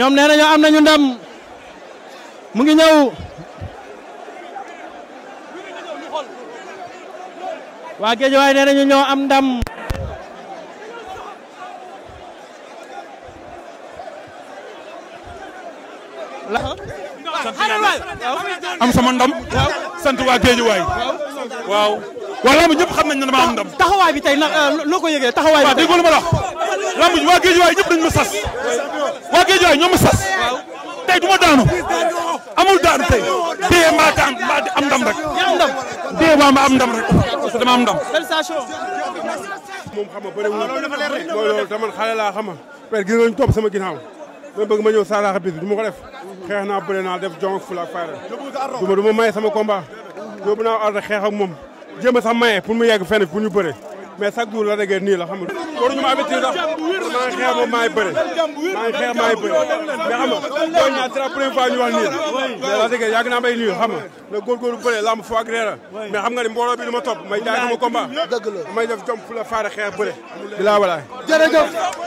ñoom nee nañu am nañu ndam mu ngi ñëw waa géej waaye nee nañu ñoo am ndam am ndam sant waa géej waay waaw wala mu ñëpp xam nañ ne dama am ndam taxawaay bi tey nag euh, loo ko yëgee taxawaay bi tey waaw ma wax lamb ji waa Géejawaay ñëpp dañ ma sas waa Géejawaay ñoo ma sas tey du daanu amul daanu tey dee maa daan maa am ndam rek dee maa am ndam rek dama xam nga bëriwul mooy loolu dama xale laa xam nga mais gis sama ginnaaw ma bëgg ma ñëw saaraaxa bis du ma ko def xeex naa bëre naa def jong fula ak fayda du ma sama combat yóbbu moom sax maye pour mu yegg fenn pour ñu bëre mais chaque jour la déggee nii la xam nga waruñu ma avertir maa xeex moom maa bëre maa xeex maa ngi bëre mais xam nga booy ñaar c'est la première nii mais la déggee yàgg naa may nii xam nga na góorgóorlu bëre lamb foo ak reera mais nga ni mbooloo bi ma topp may jaay sama combat may def jom fu la xeex bëre bilaa walaay jërëjëf